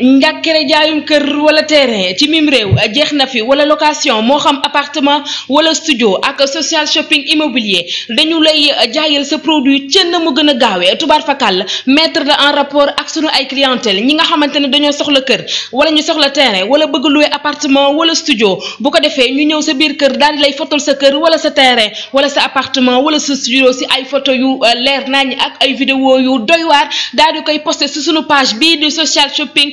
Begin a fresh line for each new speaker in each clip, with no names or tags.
njàkkere jaayum kër wala terrain ci mim réew jeex fi wala location mo xam appartement wala studio ak social shopping immobilier dañu lay jaayal sa produit ci na mu gëna gaawé tubar tubaar fakal mettre de en rapport ak sunu ay clientèle ñi nga xamante ne dañoo soxla kër wala ñu soxla terrain wala bëgg louer appartement wala studio bu ko défé ñu ñëw sa biir kër dal di lay fotol sa kër wala sa terrain wala sa appartement wala sa studio ci ay photo yu euh, leer nañ ak ay vidéo yu doy waar dal di koy poster si sunu page bi du social shopping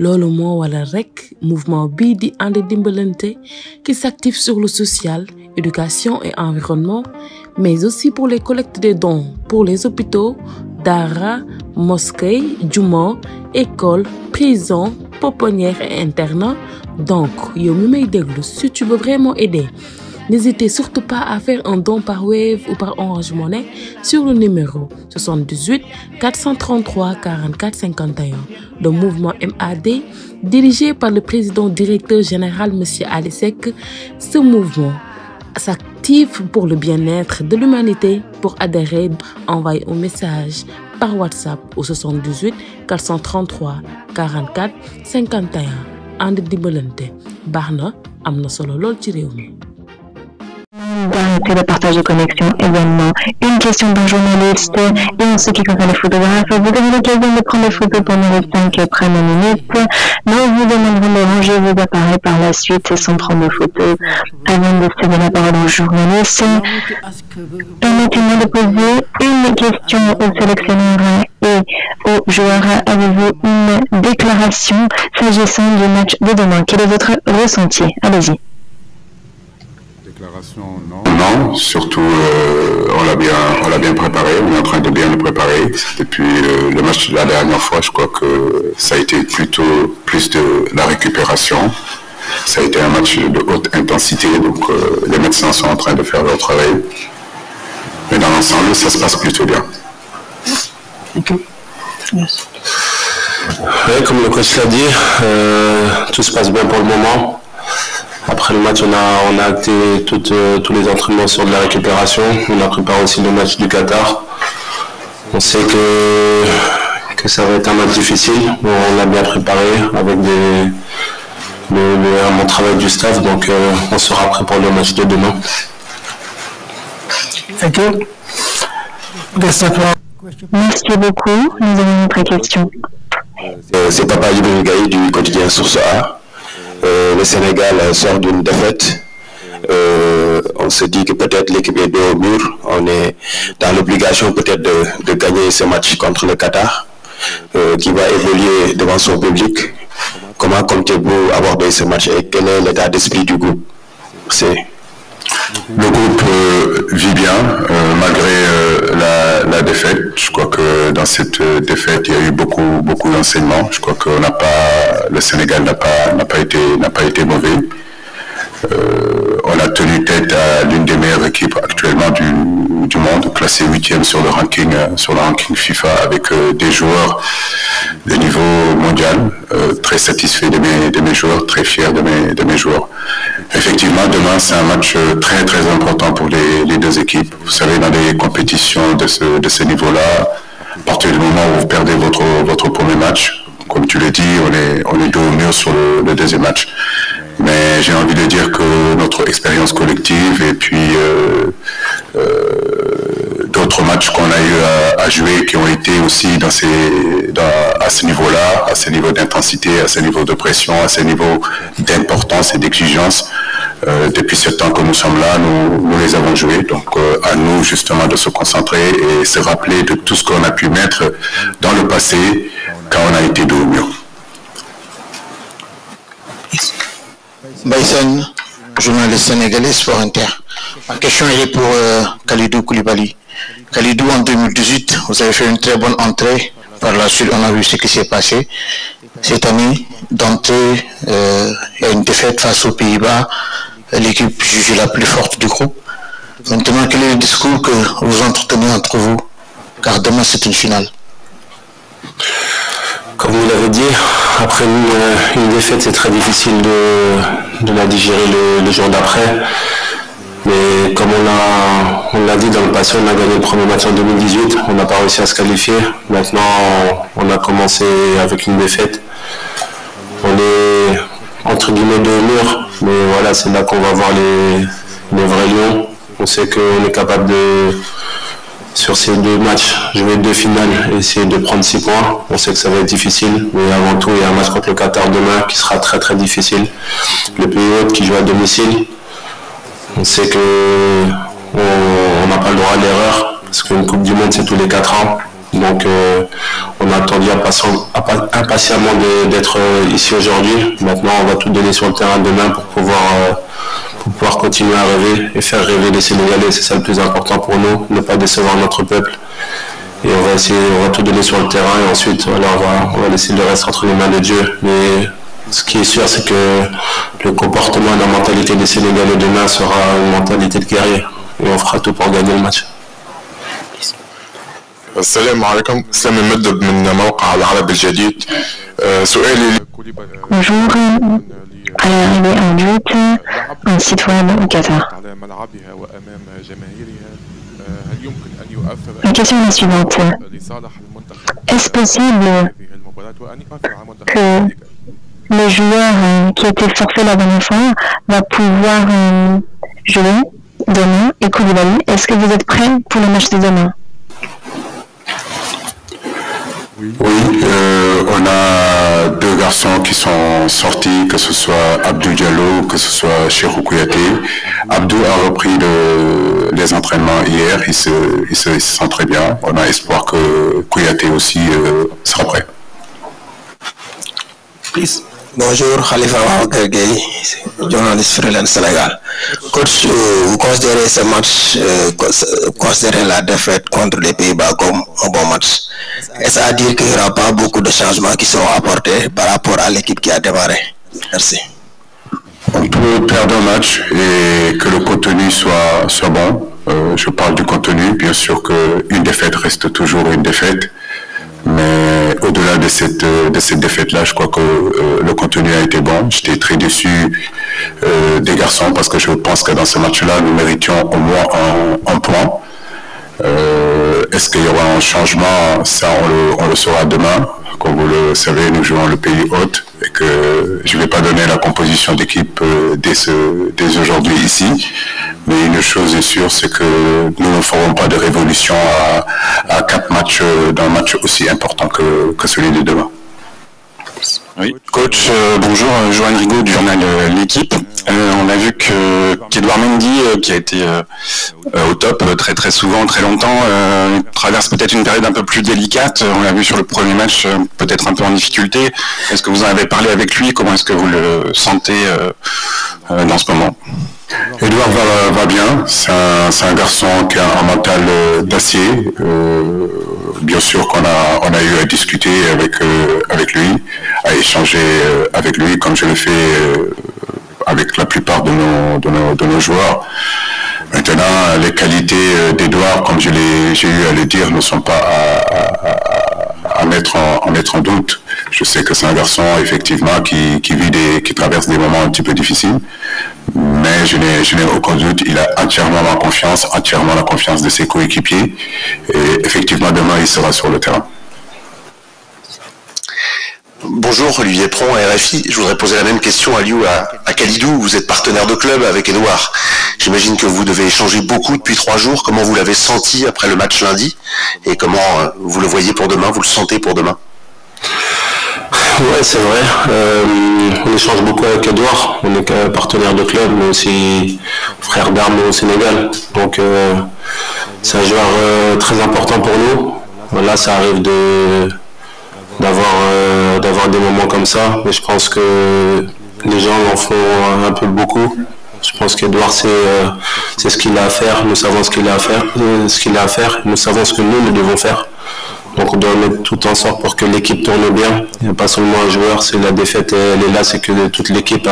loolu ou wala rek mouvement bii di qui s'active sur le social éducation et environnement mais aussi pour les collectes des dons pour les hôpitaux dara mosquée jumeaux, écoles, prisons, pouponnières et internats. donc yow mi may si tu veux vraiment aider N'hésitez surtout pas à faire un don par Wave ou par Orange Money sur le numéro 78 433 44 51 Le mouvement MAD dirigé par le président directeur général M. Alisek. Ce mouvement s'active pour le bien-être de l'humanité. Pour adhérer, envoyez un message par WhatsApp au 78 433 44 51 And Dibolente, Barna
et le partage de connexion également. Une question d'un journaliste et en ce qui concerne les photographes, vous avez l'occasion de prendre des photos pendant les 5 premières minutes, Nous vous demanderons de ranger vos appareils par la suite sans prendre de photos. Avant de céder la parole aux journalistes, permettez-moi de poser une question au sélectionneur et aux joueurs. Avez-vous une déclaration s'agissant du match de demain Quel est votre ressenti Allez-y.
Déclaration surtout euh, on l'a bien, on l'a bien préparé, on est en train de bien le préparer. Depuis euh, le match de la dernière fois, je crois que ça a été plutôt plus de la récupération. Ça a été un match de haute intensité, donc euh, les médecins sont en train de faire leur travail. Mais dans l'ensemble, ça se passe plutôt bien. comme le
coach l'a dit, tout se passe bien pour le moment. Après le match, on a, on a acté euh, tous les entraînements sur de la récupération. On a préparé aussi le match du Qatar. On sait que que ça va être un match difficile. on l'a bien préparé avec des, le, le, mon travail du staff, donc euh, on sera prêt pour le match de demain.
Merci beaucoup. Nous avons une autre question. Euh, c'est Papa
Ibrahim du quotidien sur A. Euh, le Sénégal sort d'une défaite. Euh, on se dit que peut-être l'équipe est deux au mur. On est dans l'obligation peut-être de, gagner ce match contre le Qatar, euh, qui va évoluer devant son public. Comment comptez-vous aborder ce match et quel est l'état d'esprit du groupe
C'est le groupe euh, vit bien euh, malgré euh, la, défaite. Je crois que dans cette défaite, il y a eu beaucoup, beaucoup d'enseignements. Je crois que le Sénégal n'a pas, été, mauvais. on a tenu tête à l'une des meilleures équipes actuellement du, du monde, classée huitième sur le ranking, sur le ranking FIFA, avec des joueurs de niveau mondial. très satisfait de mes, de joueurs, très fiers de mes joueurs. Effectivement, demain, c'est un match euh, très très important pour les, deux équipes. Vous savez, dans les compétitions de ce, niveau-là, à partir du moment où vous perdez votre, premier match, comme tu l'as dit, on est, deux au mur sur le, deuxième match. Mais j'ai envie de dire que notre expérience collective et puis euh, euh, d'autres matchs qu'on a eu à, jouer qui ont été aussi à ce niveau-là, à ce niveau d'intensité, à ce niveau de pression, à ce niveau d'importance et d'exigence, euh, depuis ce temps que nous sommes là, nous, les avons joués. Donc euh, à nous justement de se concentrer et se rappeler de tout ce qu'on a pu mettre dans le passé quand on a été de mieux. Baïsen, journaliste
sénégalais, Sport Inter. Ma question est pour euh, Khalidou Koulibaly. Khalidou, en 2018, vous avez fait une très bonne entrée. Par la suite, on a vu ce qui s'est passé. Cette année, d'entrée, il y a une défaite face aux Pays-Bas l'équipe jugée la plus forte du groupe. Maintenant, quel est le discours que vous entretenez entre vous Car demain, c'est une finale. Comme vous l'avez dit, après une, euh, une défaite, c'est très difficile de, la digérer le, jour d'après. Mais comme on l'a dit dans le passé, on a gagné le premier match en 2018, on n'a pas réussi à se qualifier. Maintenant, on, a commencé avec une défaite. On est entre guillemets de murs. Mais voilà, c'est là qu'on va voir les, les vrais lions. On sait qu'on est capable de, sur ces deux matchs, jouer deux finales, essayer de prendre six points. On sait que ça va être difficile, mais avant tout, il y a un match contre le Qatar demain qui sera très très difficile. Le pays qui joue à domicile. On sait que on n'a pas le droit à l'erreur, parce qu'une Coupe du Monde, c'est tous les quatre ans. Donc, euh, on a attendu impatiemment d'être euh, ici aujourd'hui. Maintenant, on va tout donner sur le terrain demain euh, pour pouvoir, continuer à rêver et faire rêver les Sénégalais. C'est ça le plus important pour nous, ne pas décevoir notre peuple. Et on va essayer, on va tout donner sur le terrain et ensuite on, va, on va laisser le reste entre les mains de Dieu. Mais ce qui est sûr, c'est que le comportement et la mentalité des Sénégalais demain sera une mentalité de guerrier. Et on fera tout pour gagner le match.
Bonjour, un un au Qatar. La question est la suivante. Est-ce possible que
le joueur euh, qui a été forfait la dernière fois va pouvoir euh, jouer demain et Koulibaly Est-ce que vous êtes prêts pour le match de demain
oui, euh, on a deux garçons qui sont sortis, que ce soit Abdou Diallo, que ce soit Chirou Kouyaté. Abdou a repris les entraînements hier, il se, sent très bien. On a espoir que Kouyaté aussi euh, sera prêt. Please. Bonjour, Khalifa Ouakargei, journaliste freelance Sénégal.
Coach, euh, vous considérez ce match, euh, la défaite contre les Pays-Bas comme un bon match. Est-ce à dire qu'il n'y aura pas beaucoup de changements qui seront apportés par
rapport à l'équipe qui a démarré Merci. On peut perdre un match et que le contenu soit, bon. Euh, je parle du contenu, bien sûr qu'une défaite reste toujours une défaite. Mais au-delà euh, de cette, défaite-là, je crois que euh, le contenu a été bon. J'étais très déçu euh, des garçons parce que je pense que dans ce match-là, nous méritions au moins un, point. Est-ce qu'il y aura un changement Ça, on le, saura demain. Comme vous le savez, nous jouons le pays hôte et que je ne vais pas donner la composition d'équipe dès aujourd'hui ici. Mais une chose est sûre, c'est que nous ne ferons pas de révolution à, quatre matchs, euh, d'un match aussi important que, celui de demain. Oui. Coach, euh, bonjour, euh, Joanne Rigaud du journal L'équipe. on a vu que qu'Edouard Mendy, qui a été au top très très souvent, très longtemps, traverse peut-être une période un peu plus délicate. On l'a vu sur le premier match, peut-être un peu en difficulté. Est-ce que vous en avez parlé avec lui Comment est-ce que vous le sentez euh, ce moment. Edouard va, bien, c'est un, garçon qui a un mental euh, d'acier. Euh, bien sûr qu'on a, on a eu à discuter avec, avec lui, à échanger avec lui, comme je le fais avec la plupart de nos, de nos, joueurs. Maintenant, les qualités d'Edouard, comme j'ai eu à le dire, ne sont pas à, mettre, en, à mettre en doute. Je sais que c'est un garçon, effectivement, qui, vit des, qui traverse des moments un petit peu difficiles, mais je n'ai aucun doute, il a entièrement ma confiance, entièrement la confiance de ses coéquipiers, et effectivement, demain, il sera sur le terrain. Bonjour, Olivier
Pron, RFI. Je voudrais poser la même question à Liu, à, Kalidou. Vous êtes partenaire de club avec Edouard. J'imagine que vous devez échanger beaucoup depuis trois jours. Comment vous l'avez senti après le match lundi et comment euh, vous le voyez pour demain, vous le sentez pour demain Oui, c'est vrai. Euh, on échange beaucoup avec Edouard. On est partenaire de club, mais aussi frère d'armes au Sénégal. Donc, euh, c'est un joueur euh, très important pour nous. Voilà, ça arrive de d'avoir d'avoir des moments comme ça. Mais je pense que les gens en font un peu beaucoup. Je pense qu'Edouard, c'est c'est ce qu'il a à faire. Nous savons ce qu'il a à faire. ce qu'il a à faire. Nous savons ce que nous, nous devons faire on doit mettre tout en sorte pour que l'équipe tourne bien. Il n'y a pas seulement un joueur, c'est la défaite, elle est là, c'est que toute l'équipe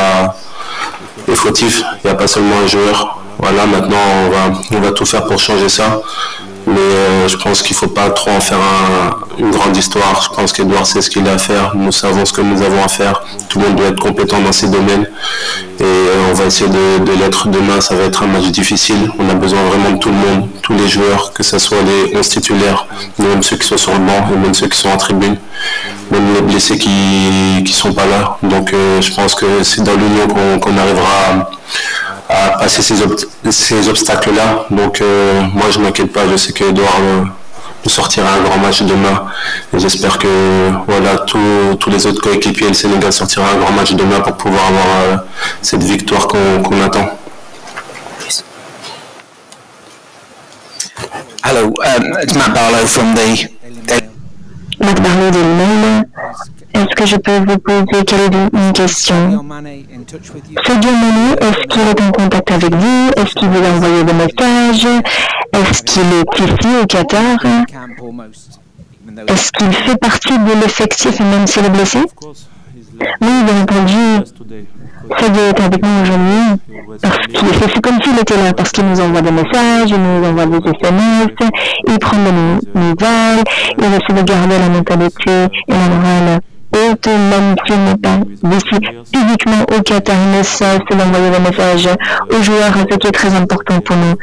est fautive. Il n'y a pas seulement un joueur. Voilà, maintenant on va, on va tout faire pour changer ça. Mais euh, je pense qu'il ne faut pas trop en faire un, une grande histoire. Je pense qu'Edouard sait ce qu'il a à faire. Nous savons ce que nous avons à faire. Tout le monde doit être compétent dans ses domaines. Et euh, on va essayer de, l'être demain. Ça va être un match difficile. On a besoin vraiment de tout le monde, tous les joueurs, que ce soit les 11 titulaires, même ceux qui sont sur le banc, même ceux qui sont en tribune, même les blessés qui ne sont pas là. Donc euh, je pense que c'est dans l'union qu'on arrivera à, passer ces, obstacles-là. Donc euh, moi je ne m'inquiète pas. Je sais qu'Edouard sortira un grand match demain. et J'espère que voilà, tous les autres coéquipiers et le Sénégal sortira un grand match demain pour pouvoir avoir euh, cette victoire qu'on attend.
Hello, um, it's Matt Barlow from the. Matt Barlow de Est-ce que je peux vous poser une question Sadio Mané, est-ce qu'il est en contact avec vous Est-ce qu'il vous envoyer des messages est-ce qu'il est ici au Qatar Est-ce qu'il fait partie de l'effectif même s'il est blessé Oui, bien entendu. Fabio est avec nous aujourd'hui parce qu'il comme s'il était là, parce qu'il nous envoie des messages, il nous envoie des SMS, il prend des nouvelles, il essaie de garder la mentalité et la morale compte, même tu n'est pas ici uniquement au Qatar, mais ça, c'est d'envoyer le message aux joueurs, ce qui est très important pour nous.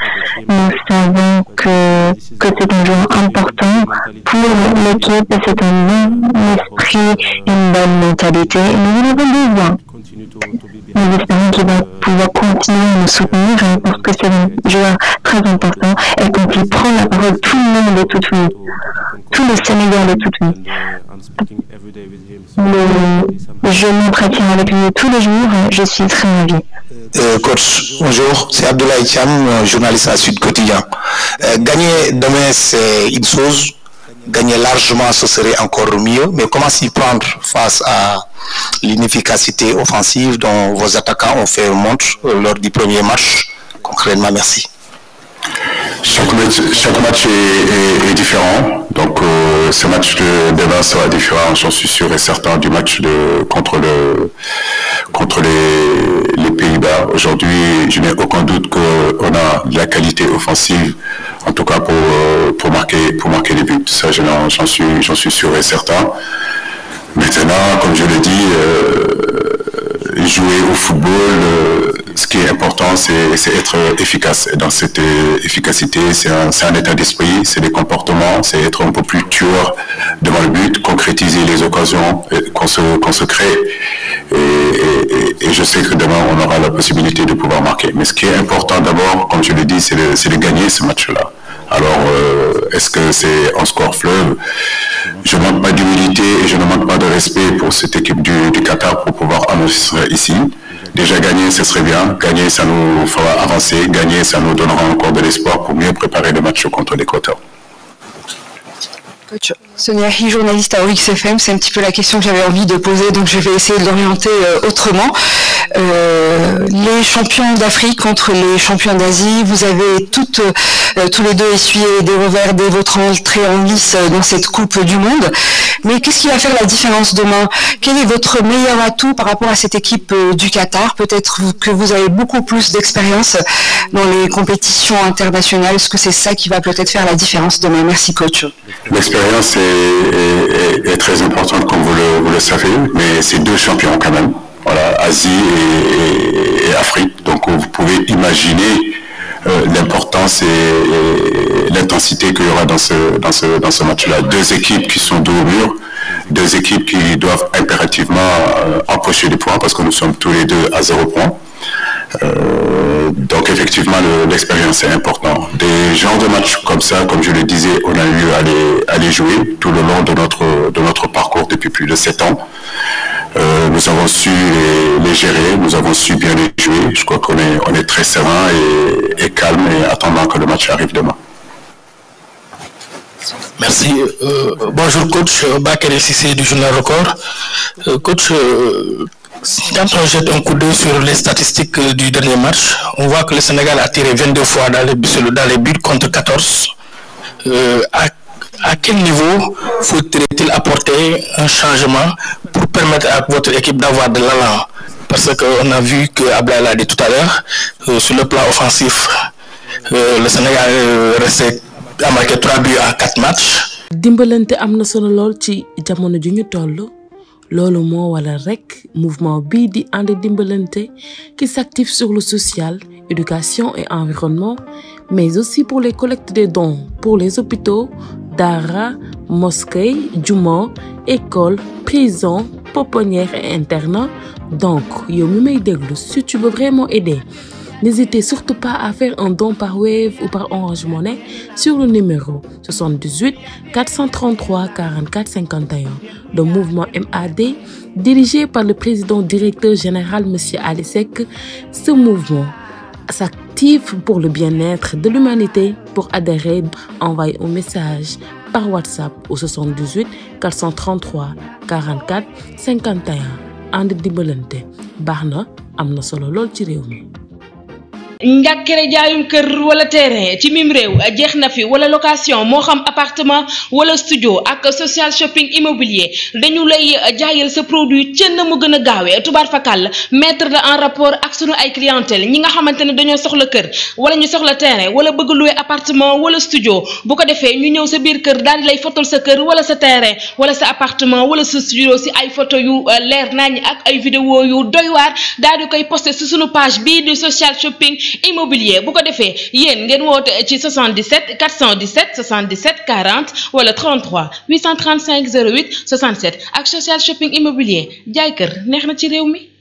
Nous savons que, que c'est un joueur important pour l'équipe, c'est un bon esprit, une bonne mentalité, et nous en avons besoin. Nous espérons qu'il va pouvoir continuer à nous soutenir parce que c'est un joueur très important et qu'on puisse prendre la parole, tout le monde de toute vie, tous les Sénégal de toute vie. Je je m'entretiens avec lui tous les jours, je suis très ravi.
Euh, coach, bonjour, c'est Abdoulaye Cham, journaliste à Sud Quotidien. Euh, gagner demain, c'est une chose gagner largement, ce serait encore mieux. Mais comment s'y prendre face à
l'inefficacité offensive dont vos attaquants ont fait montre euh, lors du premier match Concrètement, merci. Chaque match, est, différent. Donc, euh, ce match de demain sera différent, j'en suis sûr et certain, du match de, contre, le, contre les, Pays-Bas. Aujourd'hui, je n'ai aucun doute qu'on a de la qualité offensive, en tout cas pour, euh, marquer, pour marquer les buts. Ça, j'en suis, suis sûr et certain. Maintenant, comme je l'ai dit, euh, jouer au football, euh, ce qui est important, c'est être efficace. Et dans cette euh, efficacité, c'est un, état d'esprit, c'est des comportements, c'est être un peu plus tueur devant le but, concrétiser les occasions euh, qu'on se, crée. Et, je sais que demain, on aura la possibilité de pouvoir marquer. Mais ce qui est important d'abord, comme je l'ai dit, c'est de, gagner ce match-là. Alors, est-ce que c'est un score fleuve Je manque pas d'humilité respect pour cette équipe du, Qatar pour pouvoir annoncer ici. Déjà gagner, ce serait bien. Gagner, ça nous fera avancer. Gagner, ça nous donnera encore de l'espoir pour mieux préparer le match contre les l'Équateur.
Sonia Hi, journaliste à OXFM. FM, c'est un petit peu la question que j'avais envie de poser, donc je vais essayer de l'orienter euh, autrement. Euh, les champions d'Afrique contre les champions d'Asie, vous avez toutes, euh, tous les deux essuyé des revers dès votre entrée en lice dans cette Coupe du Monde. Mais qu'est-ce qui va faire la différence demain Quel est votre meilleur atout par rapport à cette équipe du Qatar Peut-être que vous avez beaucoup plus d'expérience dans les compétitions internationales. Est-ce que c'est ça qui va peut-être faire la différence demain Merci coach.
L'expérience est, très importante, comme vous le, savez, mais c'est deux champions quand même. Voilà, Asie et, Afrique. Donc vous pouvez imaginer euh, l'importance et, l'intensité qu'il y aura dans ce, dans ce, match-là. Deux équipes qui sont deux au mur, deux équipes qui doivent impérativement empocher euh, des points parce que nous sommes tous les deux à zéro point. Euh, donc effectivement, l'expérience est importante. Des genres de matchs comme ça, comme je le disais, on a eu à les, jouer tout le long de notre, de notre parcours depuis plus de sept ans. Euh, nous avons su les, gérer, nous avons su bien les jouer. Je crois qu'on est, on est très serein et, calme et attendant que le match arrive demain. Merci. Euh, bonjour coach, Bakary Sissé du journal Record. coach, quand on jette un coup d'œil sur les statistiques euh, du dernier match, on voit que le Sénégal a tiré 22 fois dans les, buts contre 14. Euh, à, quel niveau faut il apporter un changement pour permettre à votre équipe d'avoir de l'allant Parce qu'on a vu que Abla dit tout à l'heure, euh, sur le plan offensif, le Sénégal a marqué 3 buts à 4
matchs loolu moo wala rek mouvement bii di qui s'active sur le social éducation et environnement mais aussi pour les collectes de dons pour les hôpitaux dara mosquées, jumeaux, écoles, prisons, poponnières et internats. donc yow mi may si tu veux vraiment aider N'hésitez surtout pas à faire un don par Wave ou par Orange Money sur le numéro 78 433 44 51 Le mouvement MAD dirigé par le président directeur général M. Alisek. Ce mouvement s'active pour le bien-être de l'humanité. Pour adhérer, envoyez un message par WhatsApp au 78 433 44 51
And Dibolente, Barna, Amna njàkkere jaayum kër wala terrain ci mim réew jeex fi wala location Moham xam appartement wala studio ak social shopping immobilier dañu lay jaayal se produit na mu gëna gaawé tubar fakal mettre en rapport ak suñu ay clientèle ñi nga xamante ne dañoo soxla kër wala ñu soxla terrain wala bëgg louer appartement wala studio bu ko défé ñu ñëw sa biir kër dal di lay fotol sa kër wala sa terrain wala sa appartement wala sa studio si ay photo yu euh, leer ak ay vidéo yu doy waar dal di koy posté si suñu page bi du social shopping immobilier Pourquoi de faits, Yen, 77 417 77 40 wala 33 835 08 67 Action social shopping immobilier jaay kër ce